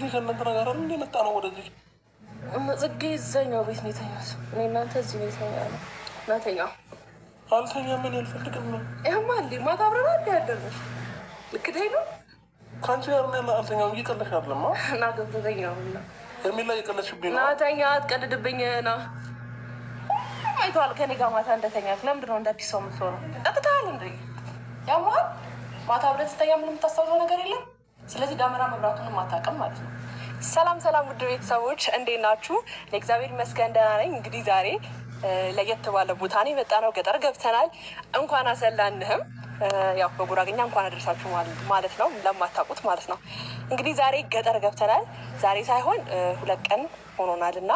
ጽጌ ከእናንተ ነገር እንደ መጣ ነው ወደዚህ። ጽጌ እዛኛው ቤት ነው የተኛት እኔ እናንተ እዚህ ነው የተኛ ነው ናተኛ አልተኛ ምን ያልፈልግም ነው ይህማ እንዲ ማታ አብረን አንድ ያደርነች ልክዳይ ነው ከአንቺ ጋር ና አልተኛ እየቀለሽ አለማ እና ገብተተኛ ና የሚላ እየቀለሽብኝ ነው ናተኛ አትቀልድብኝ ና አይተዋል ከኔ ጋር ማታ እንደተኛ ለምንድን ነው እንደ አዲስ ሰው የምትሆነው? ቀጥታል እንደ ያሟል ማታ አብረን ስተኛ ምንም ታስታውሰው ነገር የለም ስለዚህ ደመራ መብራቱን ማታቀም ማለት ነው። ሰላም ሰላም፣ ውድ ቤተሰቦች እንዴት ናችሁ? እግዚአብሔር ይመስገን ደህና ነኝ። እንግዲህ ዛሬ ለየት ባለ ቦታ ነው የመጣነው። ገጠር ገብተናል። እንኳን አሰላንህም ያው በጉራግኛ እንኳን አደርሳችሁ ማለት ነው፣ ለማታውቁት ማለት ነው። እንግዲህ ዛሬ ገጠር ገብተናል። ዛሬ ሳይሆን ሁለት ቀን ሆኖናል እና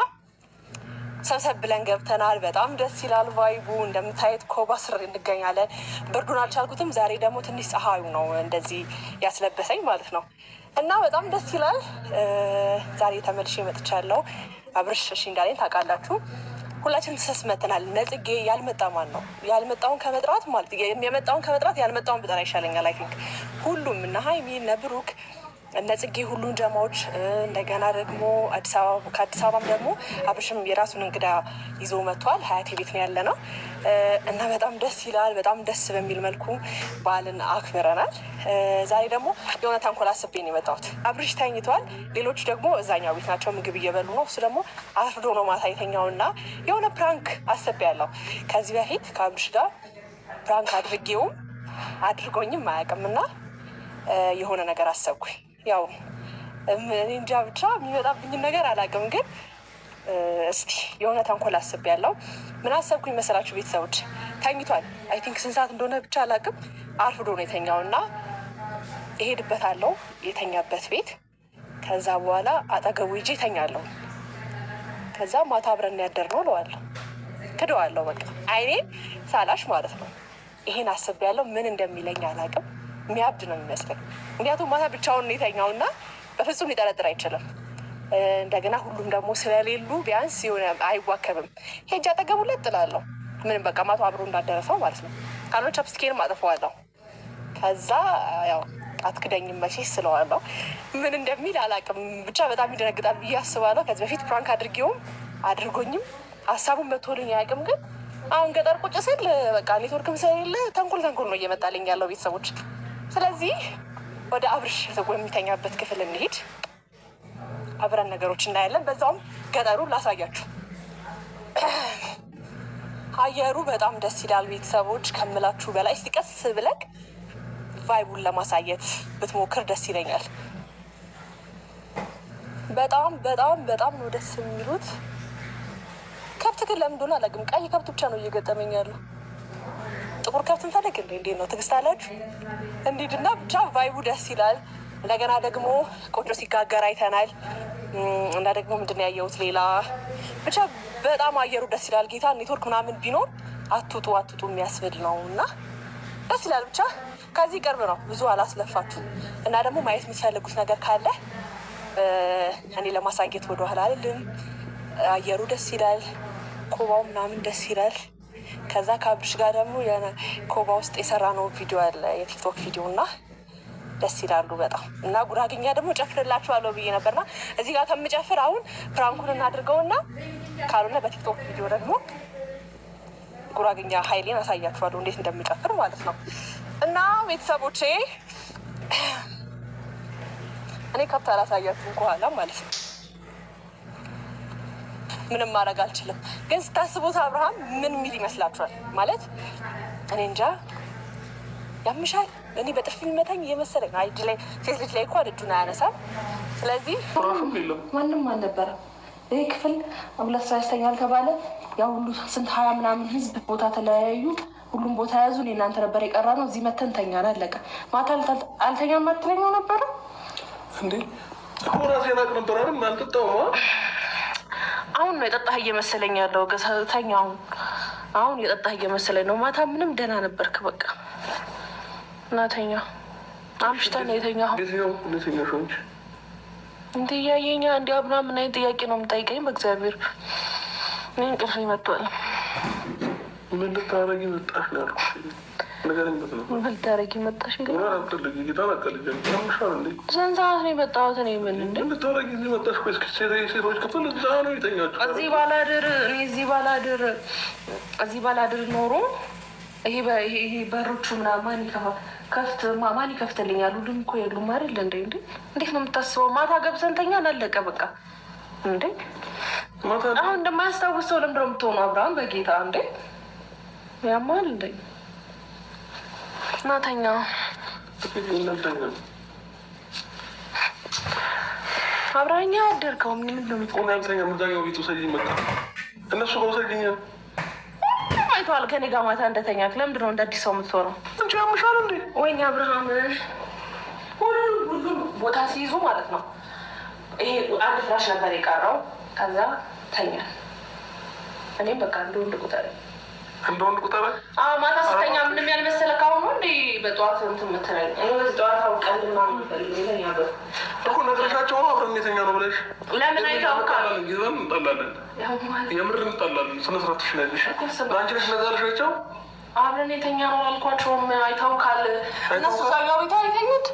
ሰብሰብ ብለን ገብተናል። በጣም ደስ ይላል ቫይቡ። እንደምታየት ኮባ ስር እንገኛለን። ብርዱን አልቻልኩትም። ዛሬ ደግሞ ትንሽ ፀሐዩ ነው እንደዚህ ያስለበሰኝ ማለት ነው እና በጣም ደስ ይላል። ዛሬ ተመልሼ መጥቻለሁ። አብርሽ እሺ እንዳለኝ ታውቃላችሁ። ተሰስ መተናል። ነጽጌ ያልመጣ ማን ነው? ያልመጣውን ከመጥራት ማለት የመጣውን ከመጥራት ያልመጣውን ብጠራ ይሻለኛል። አይ ቲንክ ሁሉም እነ ሀይሚ እነ ብሩክ እነጽጌ ሁሉን ጀማዎች እንደገና ደግሞ ከአዲስ አበባም ደግሞ አብርሽም የራሱን እንግዳ ይዞ መጥቷል። ሀያቴ ቤት ነው ያለ ነው እና በጣም ደስ ይላል። በጣም ደስ በሚል መልኩ በዓልን አክብረናል። ዛሬ ደግሞ የሆነ ተንኮል አስቤ የመጣሁት። አብርሽ ተኝቷል፣ ሌሎች ደግሞ እዛኛው ቤት ናቸው ምግብ እየበሉ ነው። እሱ ደግሞ አርፍዶ ነው ማታ የተኛው እና የሆነ ፕራንክ አስቤ ያለው ከዚህ በፊት ከአብርሽ ጋር ፕራንክ አድርጌውም አድርጎኝም አያውቅም የሆነ ነገር አሰብኩኝ። ያው እንጃ ብቻ የሚመጣብኝ ነገር አላውቅም። ግን እስቲ የሆነ ተንኮል አስብ ያለው ምን አሰብኩኝ መሰላችሁ? ቤተሰቦች ተኝቷል። አይ ቲንክ ስንት ሰዓት እንደሆነ ብቻ አላውቅም። አርፍዶ ነው የተኛው እና እሄድበታለሁ የተኛበት ቤት። ከዛ በኋላ አጠገቡ ይዤ እተኛለሁ። ከዛ ማታ አብረን ያደር ነው እለዋለሁ። ክደዋለሁ። በቃ አይኔ ሳላሽ ማለት ነው። ይሄን አስብ ያለው ምን እንደሚለኝ አላውቅም። የሚያብድ ነው የሚመስለኝ። ምክንያቱም ማታ ብቻውን የተኛው እና በፍጹም ሊጠረጥር አይችልም። እንደገና ሁሉም ደግሞ ስለሌሉ ቢያንስ የሆነ አይዋከብም። ሄጅ አጠገቡ ለጥላለሁ ምንም በቃ ማታ አብሮ እንዳደረሰው ማለት ነው። ካልሆነ ቻፕስኬንም አጥፈዋለሁ። ከዛ ያው አትክደኝም መቼስ ስለዋለው ምን እንደሚል አላውቅም። ብቻ በጣም ይደነግጣል ብዬ አስባለሁ። ከዚህ በፊት ፕራንክ አድርጌውም አድርጎኝም ሀሳቡን መቶልኝ አያውቅም። ግን አሁን ገጠር ቁጭ ስል በቃ ኔትወርክም ስለሌለ ተንኮል ተንኮል ነው እየመጣልኝ ያለው ቤተሰቦች ስለዚህ ወደ አብርሽ የሚተኛበት ክፍል እንሄድ፣ አብረን ነገሮች እናያለን። በዛውም ገጠሩ ላሳያችሁ። አየሩ በጣም ደስ ይላል ቤተሰቦች ከምላችሁ በላይ። ሲቀስ ብለቅ ቫይቡን ለማሳየት ብትሞክር ደስ ይለኛል። በጣም በጣም በጣም ነው ደስ የሚሉት። ከብት ግን ለምን እንደሆነ አላውቅም፣ ቀይ ከብት ብቻ ነው እየገጠመኝ ያለው። ጥቁር ከብት እንፈልግ እንዴ? እንዴት ነው ትግስት አላችሁ? እንዲድና ብቻ ቫይቡ ደስ ይላል። እንደገና ደግሞ ቆጮ ሲጋገር አይተናል። እና ደግሞ ምንድን ያየሁት ሌላ ብቻ በጣም አየሩ ደስ ይላል። ጌታ ኔትወርክ ምናምን ቢኖር አትውጡ አትውጡ የሚያስብል ነው እና ደስ ይላል። ብቻ ከዚህ ቅርብ ነው፣ ብዙ አላስለፋችሁ። እና ደግሞ ማየት የምትፈልጉት ነገር ካለ እኔ ለማሳየት ወደኋላ አልልም። አየሩ ደስ ይላል፣ ኮባው ምናምን ደስ ይላል። ከዛ ከአብሽ ጋር ደግሞ ኮባ ውስጥ የሰራ ነው ቪዲዮ አለ የቲክቶክ ቪዲዮ እና ደስ ይላሉ በጣም እና ጉራግኛ ደግሞ ጨፍርላችኋለሁ ብዬ ነበርና እዚህ ጋር ከምጨፍር አሁን ፍራንኩን እና ካልሆነ በቲክቶክ ቪዲዮ ደግሞ ጉራግኛ ኃይሌን አሳያችኋለሁ እንዴት እንደሚጨፍር ማለት ነው። እና ቤተሰቦቼ እኔ ከብት አላሳያችሁም ከኋላ ማለት ነው። ምንም ማድረግ አልችልም። ግን ስታስቡት አብርሃም ምን የሚል ይመስላችኋል? ማለት እኔ እንጃ ያምሻል። እኔ በጥፊ መታኝ የመሰለኝ ነው። እጅ ላይ ሴት ልጅ ላይ እኳ እጁን አያነሳም። ስለዚህ ማንም አልነበረም። ይህ ክፍል ሁለት ስራ ይስተኛል ተባለ። ያ ሁሉ ስንት ሀያ ምናምን ህዝብ ቦታ ተለያዩ። ሁሉም ቦታ ያዙ። እናንተ ነበር የቀራ ነው። እዚህ መተን ተኛ አለቀ። ማታ አልተኛ ማትለኛው ነበረ እንዴ ሆራ ሴና ቅንጠራንም አልጠጣውማ አሁን ነው የጠጣህ እየመሰለኝ ያለው። ገሳተኛ አሁን አሁን የጠጣህ እየመሰለኝ ነው። ማታ ምንም ደህና ነበርክ። በቃ እናተኛ አምሽታ ነው የተኛ ሁን እንዲ እያየኛ እንዲ አብና ምን አይነት ጥያቄ ነው የምጠይቀኝ? በእግዚአብሔር እኔ እንቅልፍ ይመጣል። ምን ልታረጊ መጣሽ? እዚህ ባላድር ኖሮ ይሄ በሮቹ ምናምን ከፍት ማን ይከፍትልኛል? ሁሉም እኮ የሉም አይደል እንዴ? እንዴ እንዴት ነው የምታስበው? ማታ ገብተን ተኛ አላለቀ በቃ እንዴ። አሁን እንደማያስታውስ ሰው ለምንድነው የምትሆኑ? አብርሃም በጌታ እንዴ ያማል እንዴ ናተኛ አብረኸኝ አደርከው ምንድነው? እነሱ ጋር ውሰድኝ አይተዋል። ከኔ ጋር ማታ እንደተኛ ለምንድን ነው እንደ ሰው የምትሆነው? ያምሻል እንዴ ወይኛ አብርሃም ሁሉም ቦታ ሲይዙ ማለት ነው። ይሄ አንድ ፍራሽ ነበር የቀረው። ከዛ ተኛ እኔም በቃ እንደወንድ ቁጠር እንደወንድ ቁጠረ ማታ ስተኛ ምንም ያልመሰለ ካሁኑ እንደ በጠዋት እንትን የምትለኝ ጠዋት አውቀን እኮ ነግረሻቸው አብረን የተኛ ነው ብለሽ ለምን አይታወቃል። ጊዜም እንጠላለን፣ የምር እንጠላለን። ስነ ስርዓት ትሽናለሽ። አንቺ ነሽ ነገርሻቸው አብረን የተኛ ነው አልኳቸውም። አይታውካል እነሱ ጋር ቤታ አይተኙት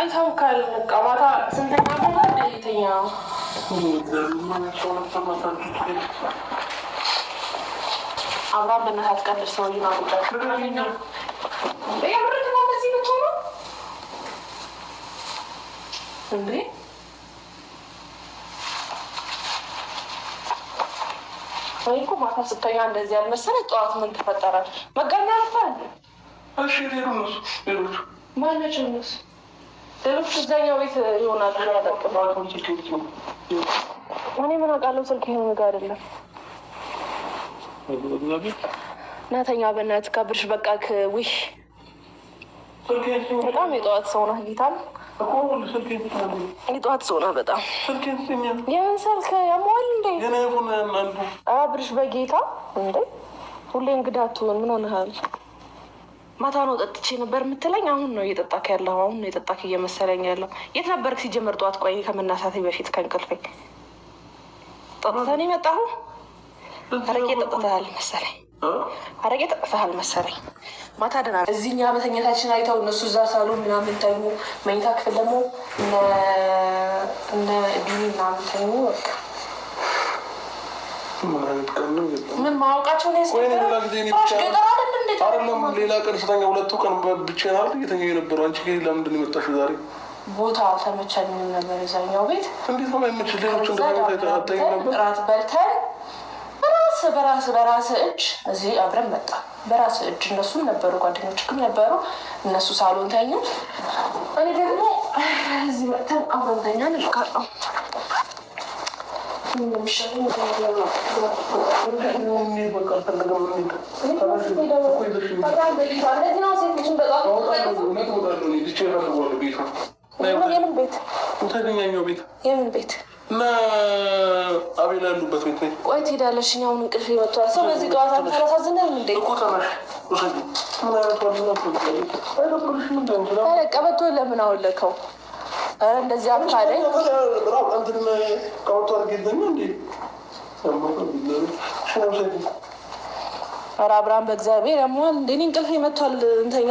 አይታውካል። በቃ ማታ ስንተኛ ነው የተኛ ነው አብራም በእናትህ አትቀልድ። ሰውዬ ወይ እኮ ማታ ስተኛ እንደዚህ ያልመሰለ ጠዋት ምን ትፈጠራል? መጋና ነበር። እሺ ሌሎች ሌሎቹ ማነች እነሱ ሌሎቹ እዛኛው ቤት ያጠቅ እኔ ምን አውቃለሁ? ስልክ ይሄ ነገር አይደለም እናተኛ በእናትህ ካብርሽ በቃ ውይ በጣም የጠዋት ሰው ነህ የጠዋት ሰው ነህ በጣም የምን ስልክ እንዴ አብርሽ በጌታ እንዴ ሁሌ እንግዳ ምን ሆነሃል ማታ ነው ጠጥቼ ነበር የምትለኝ አሁን ነው እየጠጣክ ያለው አሁን ነው እየጠጣክ እየመሰለኝ ያለው የት ነበርክ ሲጀመር ጠዋት ቆይ ከመናሳቴ በፊት ከእንቅልፌ የመጣሁ አረቄ ጠጥተሃል መሰለኝ፣ አረቄ ጠጥተሃል መሰለኝ። ማታ ደህና እዚህኛ መተኛታችን አይተው እነሱ እዛ ሳሉ ምናምን ተኙ። መኝታ ክፍል ደግሞ እነ ቢኒ ምናምን ተኙ። በቃ ምን ማወቃቸው ሌላ ቀን ስተኛ ሁለቱ ቀን ብቻዬን አይደል እየተኛሁ የነበረው። አንቺ ግን ለምንድን የመጣሽው ዛሬ? ቦታ አልተመቸኝም ነበር የዛኛው ቤት። እንዴት ነው የማይመችሽ? ሌሎች እንደዛ እራት በልተን በራስ በራስ እጅ እዚህ አብረን መጣ። በራስ እጅ እነሱም ነበሩ ጓደኞች ግን ነበሩ። እነሱ ሳሎን ተኙ። እኔ ደግሞ እዚህ መጥተን አብረን ተኛ እንልካለሁ። የምን ቤት የምን ቤት እና አቤላ ያሉበት ቤት ነኝ። ቆይ ትሄዳለሽ። እኛ አሁን እንቅልፍ ይመጣል። ሰው በዚህ ታሳዝናል እንዴ ቀበቶ ለምን አወለከው? እንደዚህ አካለኝ ኧረ አብርሃም በእግዚአብሔር ያሟል። እንዴ እኔ እንቅልፍ እንተኛ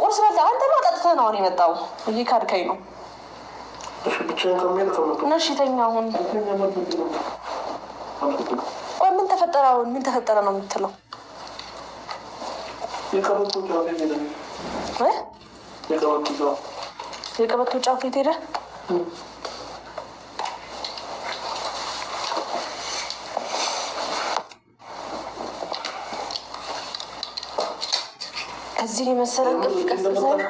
ቁርስ በላ አንተ። ጠጥተህ ነው አሁን የመጣው? ይህ ካድከኝ ነው ነሽተኛ ምን ተፈጠረ? አሁን ምን ተፈጠረ ነው የምትለው? የቀበቶ ጫፍ የት ሄደ? ከዚህ የመሰለ እንቅልፍ ቀስቅሰን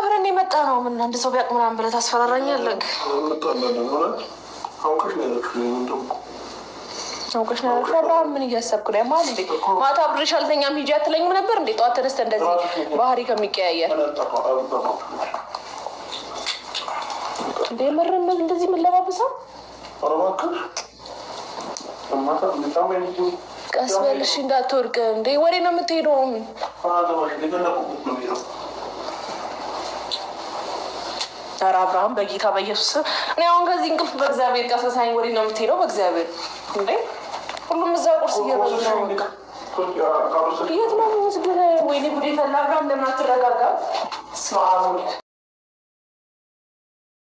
አብረን የመጣ ነው። ምን አንድ ሰው ቢያውቅ ምናምን ብለህ ታስፈራራኛለህ። አውቀሽ ነው ያልኩሽ። አብርሃም ምን እያሰብክ ነው? ማን እንዴ ማታ አብሬሽ አልተኛም ሂጂ አትለኝም ነበር እንዴ? ጠዋት ተነስተ እንደዚህ ባህሪ ከሚቀያየር እንደ የምርም እንደዚህ የምንለባብሰው ቀስ በልሽ እንዳትወርቅ እንዴ። ወዴት ነው የምትሄደው? ዶክተር አብርሃም በጌታ በኢየሱስ እኔ አሁን ከዚህ እንቅልፍ በእግዚአብሔር ቀሰሳኝ ወዴት ነው የምትሄደው? በእግዚአብሔር እንዴ ሁሉም እዛ ቁርስ እየበሉ ነው። የት ነው ወይኔ ጉዴ ፈላ አብርሃም ለምን አትረጋጋም? ስማ